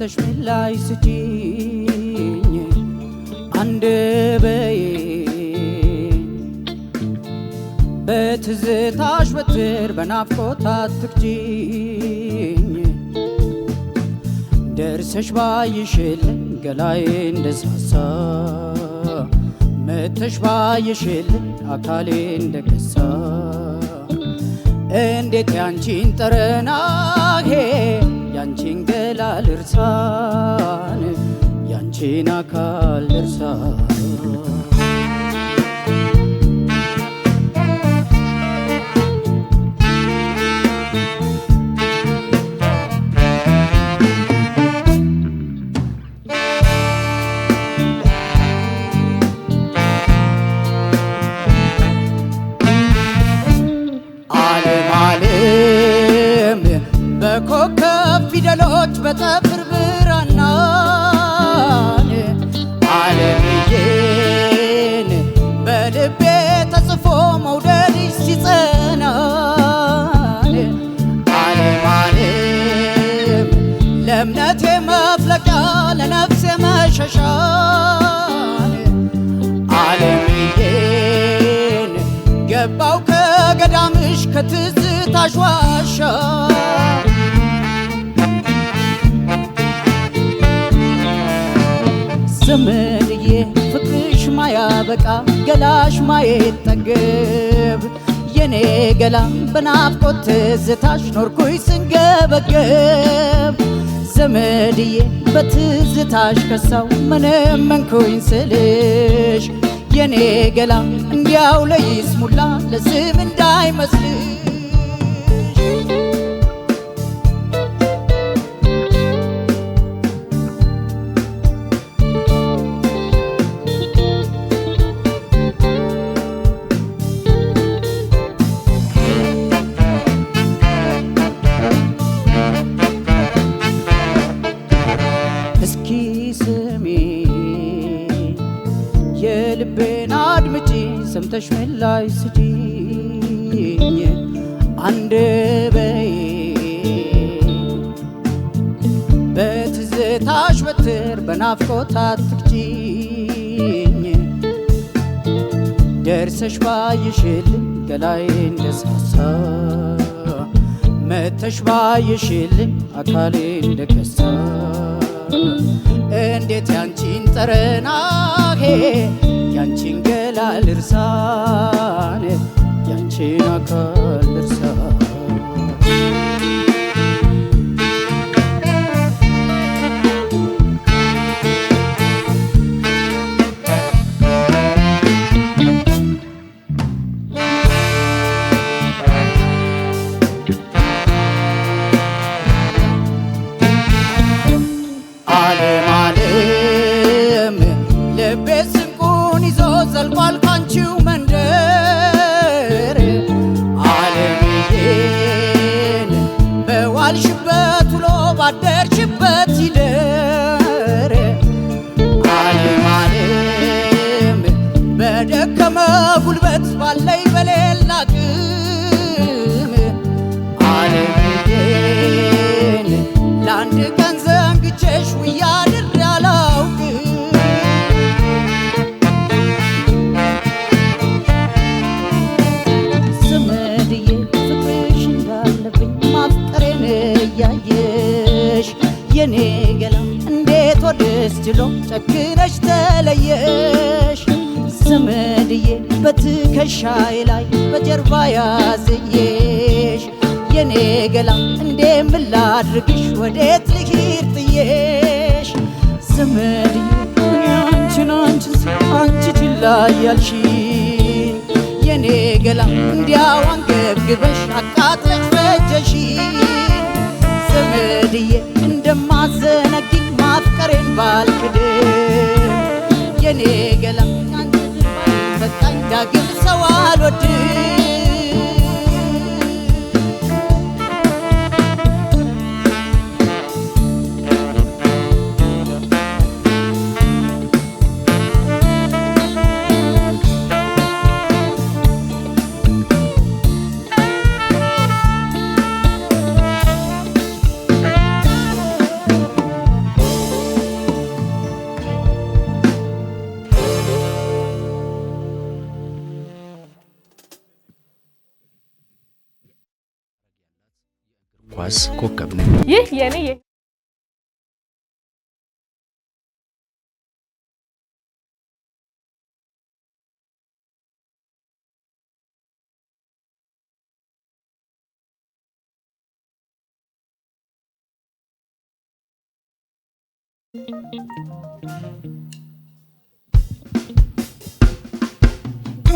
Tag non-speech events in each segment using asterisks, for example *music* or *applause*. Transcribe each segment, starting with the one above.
ሞልተሽ ምላሽ ስጪኝ አንድ በዬ በትዝታሽ በትር በናፍቆት አትግጂኝ ደርሰሽ ባይሽልኝ ገላዬ እንደሳሳ መተሽ ባይሽልኝ አካሌ እንደገሳ እንዴት ያንቺን ጠረናሄ ያንቺን ልርሳን ያንቺን አካል ልርሳን በጠፍር ብራናን አለምዬን በልቤ ተጽፎ መውደድሽ ሲጸናን ዓለም ዓለም ለእምነቴ መፍለቂያ ለነፍሴ መሸሻን አለምዬን ገባው ከገዳምሽ ከትዝታሽ ዋሻ ዘመድዬ ፍቅርሽ ማያበቃ ገላሽ ማየት ጠግብ የኔ ገላ በናፍቆት ትዝታሽ ኖርኩኝ ስንገበገብ ዘመድዬ በትዝታሽ ከሳው ምንም መንኩኝ ስልሽ የኔ ገላ እንዲያው ለይስሙላ ለስም እንዳይመስልሽ ተሽመን ላይ ስጪኝ አንድ በይ በትዝታሽ በትር በናፍቆት አትግጭኝ ደርሰሽ ባይሽልኝ ገላዬን ደሳሳ መተሽ ባይሽልኝ አካሌ እንደከሳ እንዴት ያንቺን ጠረናሄ ያንቺን ገ ልርሳኔ ያንቺን አካል ገድሎ ጨክነሽ ተለየሽ ዘመድዬ በትከሻዬ ላይ በጀርባ ያዝዬሽ የኔ ገላ እንዴ ምን ላድርግሽ ወዴት ልሂድ ጥዬሽ ዘመድዬ አንቺን አንቺን አንቺ ችላ ያልሽኝ የኔ ገላ እንዲያው አንገብግበሽ አቃጥለሽ ፈጀሽ ዛሬን ባልክድ የኔ ገላ ፈጣኝ ዳግም ሰው አልወድ आवाज को कब नहीं ये ये नहीं ये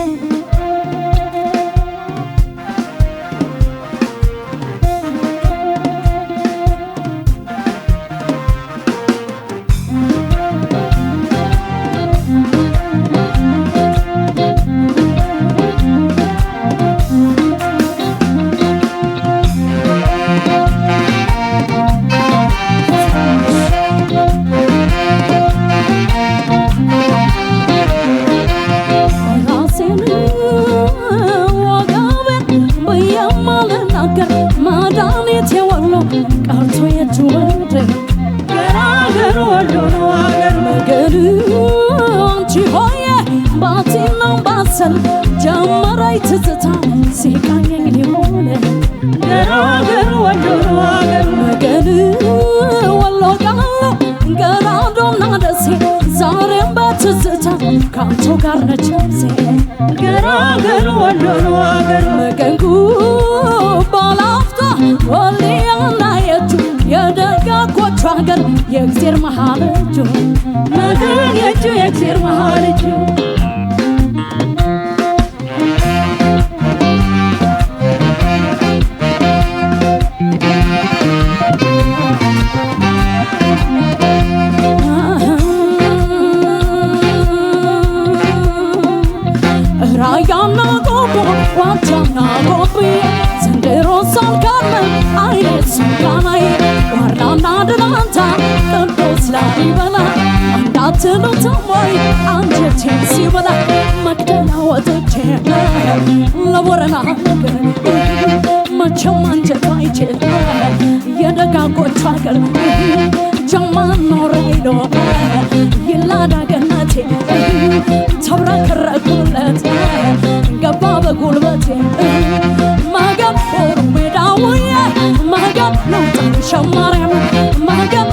Mm-hmm. የማልናገር ማዳኔት የወሎ ቃልቶ የቱ ወደ ገራገር ወሎ ገር ነገሩ አንቺ ሆየ ባቲና ባሰል ጀመራይ ትዝታ ሲቃኘኝ የሆነ ገራገር ወሎ ገር ነገሩ ወሎ ቃሎ ገራዶና ደሴ ዛሬ ከአንቺ ጋር ነች ነፍሴ ገራገር ወሎን ወገን መገንጉ ባላፍታ ወሌ ያላየችው የደጋጎቹ ሀገር የእግዜር እጁ መገን የእጁ የእግዜር እጁ ኖረይዶ ይላዳገነቴ ተብረከረኩለት ገባ በጉልበቴ ማገብ ሆኑ ሜዳውዬ ማገብ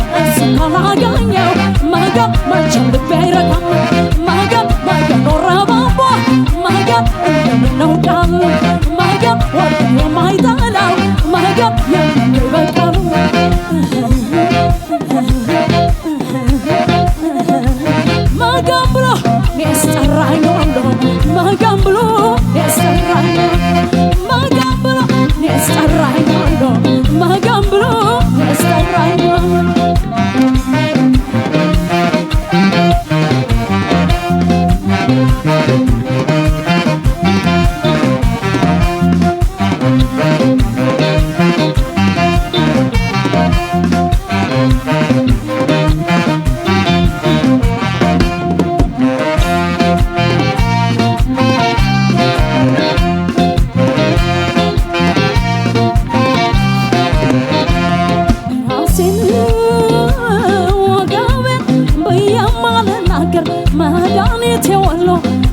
መድኃኒቴ ወሎ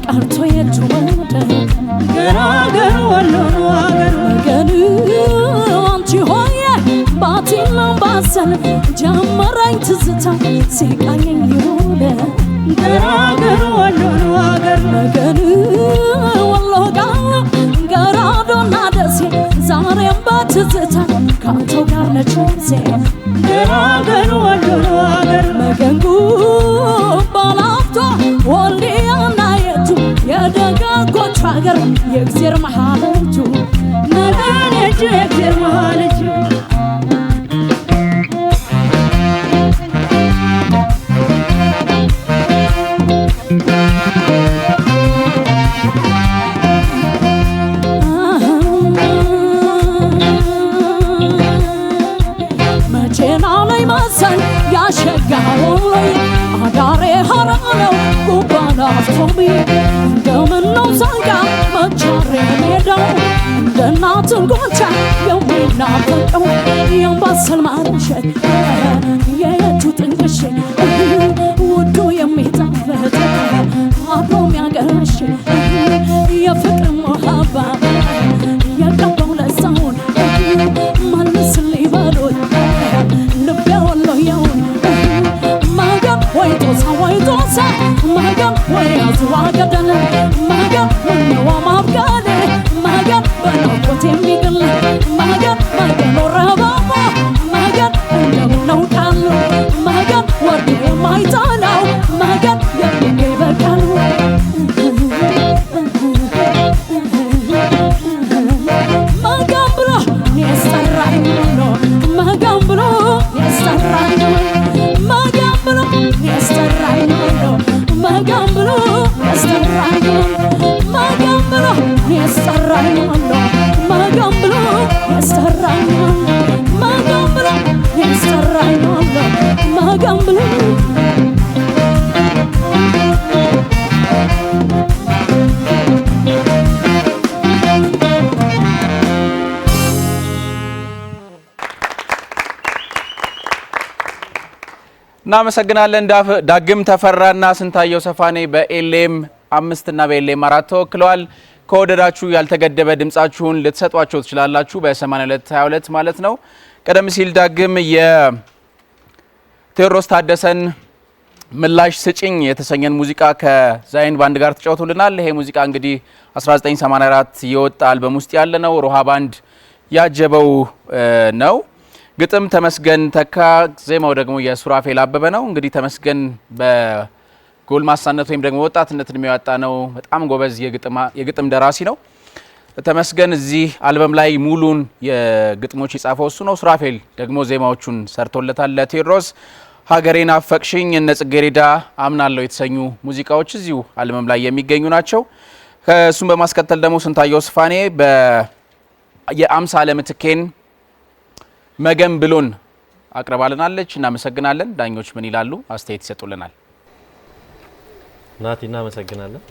ቀርቶ የቱ መንደር ገራገር ወሎ አገር ወገን አንቺ ሆየ ባቲና ባሰን ጀመረኝ ትዝታ ገራገር ወሎ አገር ወገን ወሎ ገራዶና ደሴ ዛሬም በትዝታ ጋር ነች ገራገር ወሎ አገር መገንጉ እንፋገር የእግዜር መሃለችው መዳን የእጅ የእግዜር መሃለችው ዋገደን ማጋ ምነዋ ማብጋለ ማጋ በናፍቆት የሚግል ማጋ ማገኖ ረባባ ማጋ እንደምነው ቃሉ ማጋ ወርዶ የማይጣላው ማጋ የሚገ ይበቃሉ ማጋም ብሎ የሰራኝ ብሎ ማጋም ብሎ የሰራኝ ብሎ ማጋም ብሎ ያስጠራኛል ማዳን ብሎ ያስጠራኛል ማዳን ብሎ ያስጠራኛል ማዳን ብሎ ያስጠራኛል ማዳን ብሎ እናመሰግናለን። ዳግም ተፈራና ስንታየው ሰፋኔ በኤሌም አምስት በኤልኤም በኤሌም አራት ተወክለዋል። ከወደዳችሁ ያልተገደበ ድምጻችሁን ልትሰጧቸው ትችላላችሁ። በ8222 ማለት ነው። ቀደም ሲል ዳግም የቴዎድሮስ ታደሰን ምላሽ ስጭኝ የተሰኘን ሙዚቃ ከዛይን ባንድ ጋር ተጫውቶልናል። ይሄ ሙዚቃ እንግዲህ 1984 የወጣ አልበም ውስጥ ያለ ነው። ሮሃ ባንድ ያጀበው ነው። ግጥም ተመስገን ተካ፣ ዜማው ደግሞ የሱራፌል አበበ ነው። እንግዲህ ተመስገን በጎልማሳነት ወይም ደግሞ ወጣትነት እድሜው ያጣ ነው። በጣም ጎበዝ የግጥም ደራሲ ነው። ተመስገን እዚህ አልበም ላይ ሙሉን የግጥሞች የጻፈው እሱ ነው። ሱራፌል ደግሞ ዜማዎቹን ሰርቶለታል። ለቴዎድሮስ ሀገሬን አፈቅሽኝ፣ እነ ጽጌሬዳ አምናለው የተሰኙ ሙዚቃዎች እዚሁ አልበም ላይ የሚገኙ ናቸው። ከእሱም በማስከተል ደግሞ ስንታየው ስፋኔ የአምሳለ ምትኬን መገን ብሎን አቅርባልናለች። እናመሰግናለን። ዳኞች ምን ይላሉ? አስተያየት ይሰጡልናል። ናቲ እናመሰግናለን።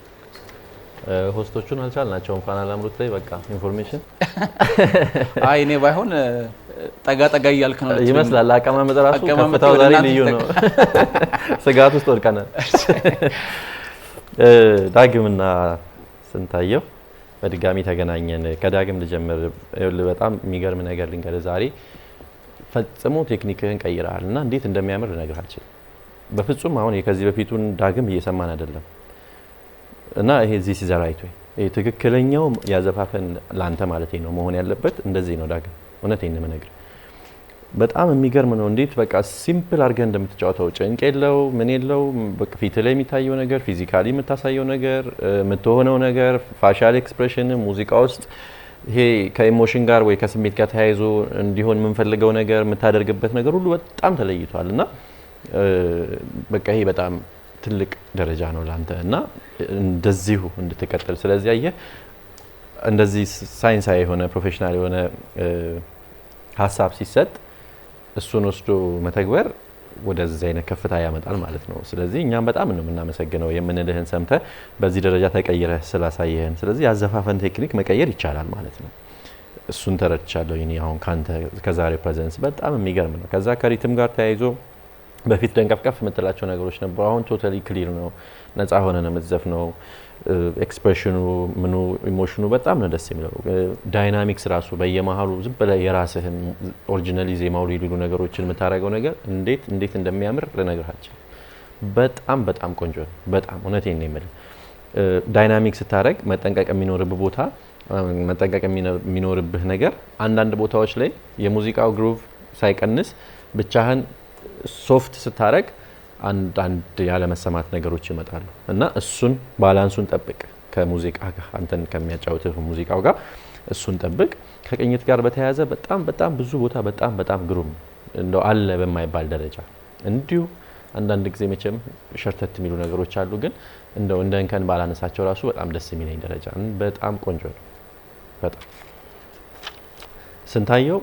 ሆስቶቹን አልቻልናቸው እንኳን አላምሩት ላይ በቃ ኢንፎርሜሽን *laughs* አይ እኔ ባይሆን ጠጋ ጠጋ እያልክ ነው ይመስላል። አቀማመጥ ራሱ ከፍታው ዛሬ ልዩ ነው። *laughs* ስጋት ውስጥ ወድቀናል። *laughs* ዳግምና ስንታየው በድጋሚ ተገናኘን። ከዳግም ልጀምር። በጣም የሚገርም ነገር ልንገር ዛሬ ፈጽሞ ቴክኒክህን ቀይረሃል እና እንዴት እንደሚያምር ልነግርህ አልችልም። በፍጹም አሁን ከዚህ በፊቱን ዳግም እየሰማን አይደለም። እና ይሄ እዚህ ሲዘራይቶ ትክክለኛው ያዘፋፈን ለአንተ ማለት ነው መሆን ያለበት እንደዚህ ነው። ዳግም እውነት ነው የምነግርህ። በጣም የሚገርም ነው እንዴት በቃ ሲምፕል አድርገህ እንደምትጫወተው ጭንቅ የለው ምን የለው። ፊት ላይ የሚታየው ነገር፣ ፊዚካሊ የምታሳየው ነገር፣ የምትሆነው ነገር፣ ፋሻል ኤክስፕሬሽን ሙዚቃ ውስጥ ይሄ ከኢሞሽን ጋር ወይ ከስሜት ጋር ተያይዞ እንዲሆን የምንፈልገው ነገር የምታደርግበት ነገር ሁሉ በጣም ተለይቷል እና በቃ ይሄ በጣም ትልቅ ደረጃ ነው ላንተ እና እንደዚሁ እንድትቀጥል ስለዚህ አየ እንደዚህ ሳይንሳዊ የሆነ ፕሮፌሽናል የሆነ ሀሳብ ሲሰጥ እሱን ወስዶ መተግበር ወደዚህ አይነት ከፍታ ያመጣል ማለት ነው። ስለዚህ እኛም በጣም ነው የምናመሰግነው የምንልህን ሰምተ በዚህ ደረጃ ተቀይረህ ስላሳየህን። ስለዚህ አዘፋፈን ቴክኒክ መቀየር ይቻላል ማለት ነው። እሱን ተረድቻለሁ። ይህ አሁን ካንተ ከዛሬ ፕሬዘንስ በጣም የሚገርም ነው። ከዛ ከሪትም ጋር ተያይዞ በፊት ደንቀፍቀፍ የምትላቸው ነገሮች ነበሩ። አሁን ቶታሊ ክሊር ነው፣ ነጻ ሆነ ነው መዘፍ ነው። ኤክስፕሬሽኑ ምኑ ኢሞሽኑ በጣም ነው ደስ የሚለው። ዳይናሚክስ ራሱ በየመሀሉ ዝም ብለህ የራስህን ኦሪጂናሊ ዜማው ሊሉ ነገሮችን የምታደርገው ነገር እንዴት እንዴት እንደሚያምር ልነግራችን በጣም በጣም ቆንጆ ነው። በጣም እውነቴን ነው የምልህ። ዳይናሚክ ስታደርግ መጠንቀቅ የሚኖርብህ ቦታ መጠንቀቅ የሚኖርብህ ነገር አንዳንድ ቦታዎች ላይ የሙዚቃው ግሩቭ ሳይቀንስ ብቻህን ሶፍት ስታረግ አንዳንድ ያለመሰማት ነገሮች ይመጣሉ እና እሱን ባላንሱን ጠብቅ። ከሙዚቃ ጋር አንተን ከሚያጫውትህ ሙዚቃው ጋር እሱን ጠብቅ። ከቅኝት ጋር በተያያዘ በጣም በጣም ብዙ ቦታ በጣም በጣም ግሩም እንደው አለ በማይባል ደረጃ እንዲሁ አንዳንድ ጊዜ መቼም ሸርተት የሚሉ ነገሮች አሉ፣ ግን እንደው እንደ እንከን ባላነሳቸው ራሱ በጣም ደስ የሚለኝ ደረጃ በጣም ቆንጆ ነው። በጣም ስንታየው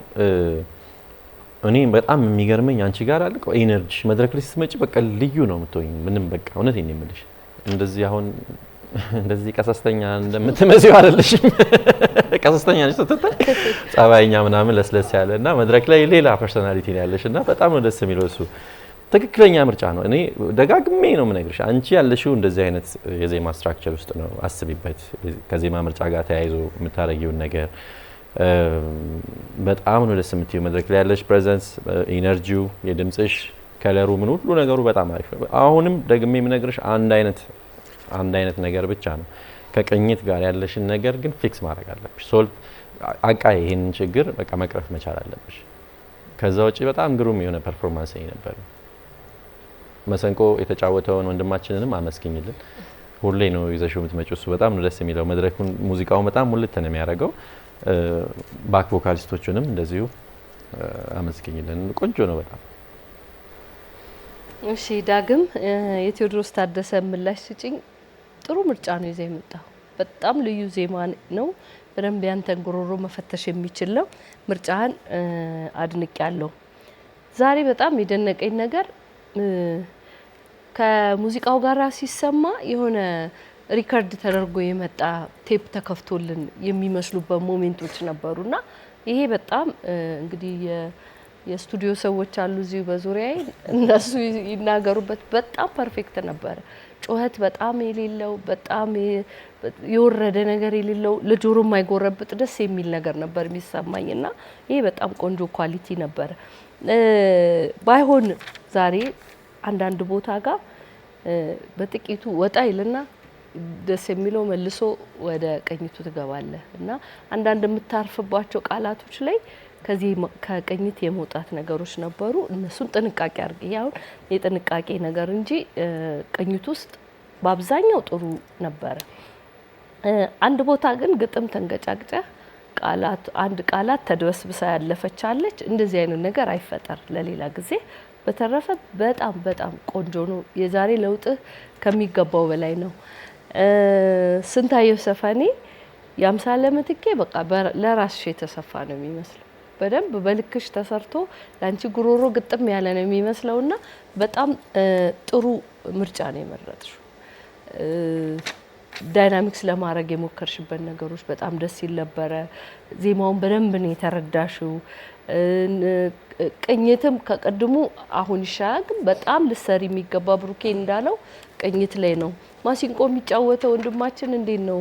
እኔ በጣም የሚገርመኝ አንቺ ጋር አለ ኤነርጂ መድረክ ላይ ስትመጪ በቃ ልዩ ነው የምትሆኝ። ምንም በቃ እውነት ነው የምልሽ። እንደዚህ አሁን *laughs* እንደዚህ ቀሰስተኛ እንደምትመስይው አይደለሽም። *laughs* ቀሰስተኛ ነሽ ስትታይ ጸባይኛ ምናምን ለስለስ ያለ እና መድረክ ላይ ሌላ ፐርሶናሊቲ ነው ያለሽ እና በጣም ነው ደስ የሚለው እሱ ትክክለኛ ምርጫ ነው። እኔ ደጋግሜ ነው የምነግርሽ። አንቺ ያለሽው እንደዚህ አይነት የዜማ ስትራክቸር ውስጥ ነው። አስቢበት። ከዜማ ምርጫ ጋር ተያይዞ የምታደርጊውን ነገር በጣም ነው ደስ የምትይው መድረክ ላይ ያለሽ ፕሬዘንስ፣ ኢነርጂው፣ የድምፅሽ፣ ከለሩ፣ ምን ሁሉ ነገሩ በጣም አሪፍ ነው። አሁንም ደግሜ የምነግርሽ አንድ አይነት አንድ አይነት ነገር ብቻ ነው። ከቅኝት ጋር ያለሽን ነገር ግን ፊክስ ማድረግ አለብሽ። ሶልቭ አቃ ይሄንን ችግር በቃ መቅረፍ መቻል አለብሽ። ከዛ ውጭ በጣም ግሩም የሆነ ፐርፎርማንስ ነበር። መሰንቆ የተጫወተውን ወንድማችንንም አመስግኝልን። ሁሌ ነው ይዘሽው የምትመጪው። እሱ በጣም ነው ደስ የሚለው መድረኩን፣ ሙዚቃውን በጣም ሙልት ነው የሚያደርገው። ባክ ቮካሊስቶቹንም እንደዚሁ አመስገኝልን። ቆንጆ ነው በጣም እሺ። ዳግም የቴዎድሮስ ታደሰ ምላሽ ስጭኝ። ጥሩ ምርጫ ነው ይዘ የመጣው በጣም ልዩ ዜማ ነው። በደንብ ያንተን ጉሮሮ መፈተሽ የሚችል ነው። ምርጫህን አድንቅ ያለው ዛሬ በጣም የደነቀኝ ነገር ከሙዚቃው ጋር ሲሰማ የሆነ ሪከርድ ተደርጎ የመጣ ቴፕ ተከፍቶልን የሚመስሉበት ሞሜንቶች ነበሩና ይሄ በጣም እንግዲህ የስቱዲዮ ሰዎች አሉ እዚሁ በዙሪያ እነሱ ይናገሩበት። በጣም ፐርፌክት ነበረ። ጩኸት በጣም የሌለው በጣም የወረደ ነገር የሌለው ለጆሮ የማይጎረብጥ ደስ የሚል ነገር ነበር የሚሰማኝ እና ይሄ በጣም ቆንጆ ኳሊቲ ነበር። ባይሆን ዛሬ አንዳንድ ቦታ ጋር በጥቂቱ ወጣ ይልና ደስ የሚለው መልሶ ወደ ቅኝቱ ትገባለህ እና አንዳንድ የምታርፍባቸው ቃላቶች ላይ ከዚህ ከቅኝት የመውጣት ነገሮች ነበሩ። እነሱን ጥንቃቄ አርግ። ያሁን የጥንቃቄ ነገር እንጂ ቅኝት ውስጥ በአብዛኛው ጥሩ ነበረ። አንድ ቦታ ግን ግጥም ተንገጫግጫ ቃላት አንድ ቃላት ተድበስብሳ ያለፈች አለች። እንደዚህ አይነት ነገር አይፈጠር ለሌላ ጊዜ። በተረፈ በጣም በጣም ቆንጆ ነው። የዛሬ ለውጥህ ከሚገባው በላይ ነው። ስንታየሁ ሰፋኔ የአምሳለ ምትኬ በቃ ለራስሽ የተሰፋ ነው የሚመስለው። በደንብ በልክሽ ተሰርቶ ለአንቺ ጉሮሮ ግጥም ያለ ነው የሚመስለው እና በጣም ጥሩ ምርጫ ነው የመረጥሽው። ዳይናሚክስ ለማድረግ የሞከርሽበት ነገሮች በጣም ደስ ይል ነበረ። ዜማውን በደንብ ነው የተረዳሽው። ቅኝትም ከቀድሞ አሁን ይሻላል፣ ግን በጣም ልሰሪ የሚገባ ብሩኬ እንዳለው ቅኝት ላይ ነው። ማሲንቆ የሚጫወተው ወንድማችን እንዴት ነው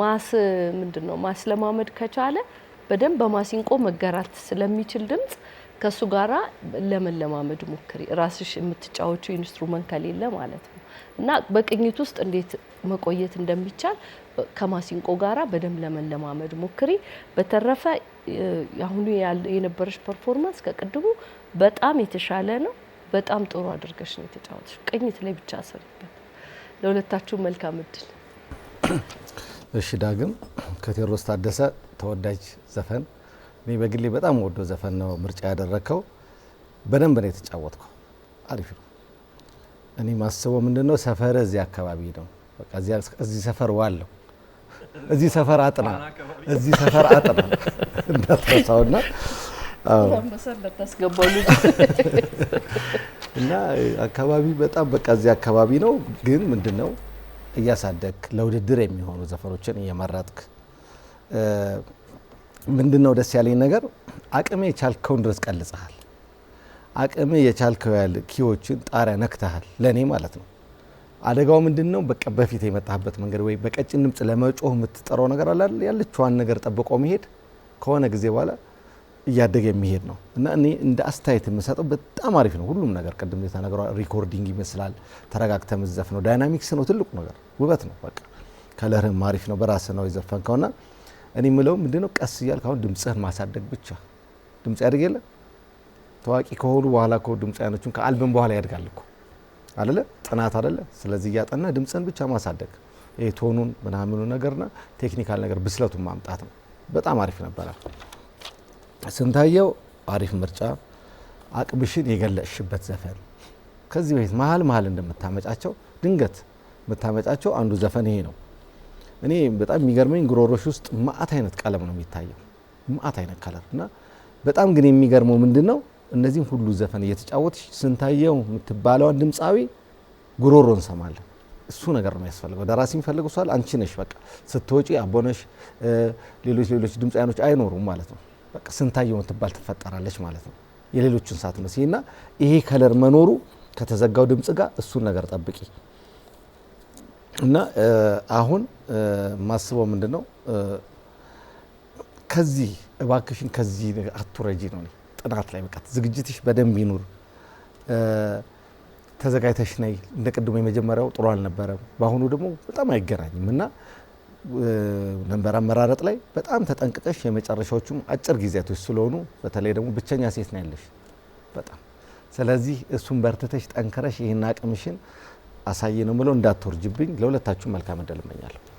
ማስ ምንድን ነው ማስለማመድ ከቻለ በደንብ በማሲንቆ መገራት ስለሚችል ድምጽ ከሱ ጋራ ለመለማመድ ሞክሪ። ራስሽ የምትጫወቹ ኢንስትሩመንት ከሌለ ማለት ነው እና በቅኝት ውስጥ እንዴት መቆየት እንደሚቻል ከማሲንቆ ጋራ በደንብ ለመለማመድ ሞክሪ። በተረፈ አሁኑ የነበረሽ ፐርፎርማንስ ከቅድሙ በጣም የተሻለ ነው። በጣም ጥሩ አድርገሽ ነው የተጫወተሽ። ቅኝት ላይ ብቻ ስሪበት። ለሁለታችሁ መልካም እድል። *clears throat* እሺ ዳግም ከቴዎድሮስ ታደሰ ተወዳጅ ዘፈን እኔ በግሌ በጣም ወዶ ዘፈን ነው ምርጫ ያደረግከው። በደንብ ነው የተጫወትከው። አሪፍ ነው። እኔ ማስበው ምንድን ነው ሰፈር እዚህ አካባቢ ነው። እዚህ ሰፈር ዋለው፣ እዚህ ሰፈር አጥና፣ እዚህ ሰፈር አጥና *laughs* እንዳትረሳውና *laughs* እና አካባቢ በጣም በቃ እዚህ አካባቢ ነው። ግን ምንድን ነው እያሳደግ ለውድድር የሚሆኑ ዘፈኖችን እየመረጥክ ምንድን ነው ደስ ያለኝ ነገር አቅሜ የቻልከውን ድረስ ቀልጸሃል። አቅሜ የቻልከው ያህል ኪዎችን ጣሪያ ነክተሃል። ለእኔ ማለት ነው። አደጋው ምንድን ነው? በቃ በፊት የመጣህበት መንገድ ወይ በቀጭን ድምፅ ለመጮህ የምትጠራው ነገር አለ ያለችዋን ነገር ጠብቆ መሄድ ከሆነ ጊዜ በኋላ እያደገ የሚሄድ ነው እና እኔ እንደ አስተያየት የምሰጠው በጣም አሪፍ ነው። ሁሉም ነገር ቅድም የተነገረ ሪኮርዲንግ ይመስላል፣ ተረጋግተ መዘፍ ነው፣ ዳይናሚክስ ነው፣ ትልቁ ነገር ውበት ነው። በቃ ከለርህም አሪፍ ነው፣ በራስ ነው የዘፈን ከሆና እኔ የምለው ምንድነው ቀስ እያልክ አሁን ድምፅህን ማሳደግ ብቻ። ድምፅ ያድግ የለ ታዋቂ ከሆኑ በኋላ ኮ ድምፅ አይኖቹን ከአልበም በኋላ ያድጋል እኮ አደለ? ጥናት አለ። ስለዚህ እያጠና ድምፅን ብቻ ማሳደግ ቶኑን ምናምኑ ነገርና ቴክኒካል ነገር ብስለቱን ማምጣት ነው። በጣም አሪፍ ነበራል። ስንታየው አሪፍ ምርጫ፣ አቅምሽን የገለጽሽበት ዘፈን ከዚህ በፊት መሀል መሀል እንደምታመጫቸው ድንገት የምታመጫቸው አንዱ ዘፈን ይሄ ነው። እኔ በጣም የሚገርመኝ ጉሮሮሽ ውስጥ ማአት አይነት ቀለም ነው የሚታየው ማአት አይነት ከለር እና በጣም ግን የሚገርመው ምንድን ነው እነዚህም ሁሉ ዘፈን እየተጫወትሽ ስንታየው የምትባለዋን ድምፃዊ ጉሮሮ እንሰማለን። እሱ ነገር ነው ያስፈልገው። ደራሲ የሚፈልገው እሷል አንቺ ነሽ። በቃ ስትወጪ አቦነሽ ሌሎች ሌሎች ድምፃያኖች አይኖሩም ማለት ነው። በቃ ስንታየው የምትባል ትፈጠራለች ማለት ነው። የሌሎችን ሳትመስይ እና ይሄ ከለር መኖሩ ከተዘጋው ድምጽ ጋር እሱን ነገር ጠብቂ እና አሁን ማስበው ምንድን ነው ከዚህ እባክሽን ከዚህ አቱረጂ ነው ጥናት ላይ በቃ ዝግጅትሽ በደንብ ይኑር። ተዘጋጅተሽ ነይ። እንደ ቅድሞ የመጀመሪያው ጥሩ አልነበረም፣ በአሁኑ ደግሞ በጣም አይገናኝም እና መንበር አመራረጥ ላይ በጣም ተጠንቅቀሽ የመጨረሻዎቹም አጭር ጊዜያቶች ስለሆኑ በተለይ ደግሞ ብቸኛ ሴት ነው ያለሽ በጣም ስለዚህ እሱን በርትተሽ ጠንክረሽ ይህን አቅምሽን አሳይ ነው ምለው እንዳትወርጅብኝ። ለሁለታችሁ መልካም እድል እመኛለሁ።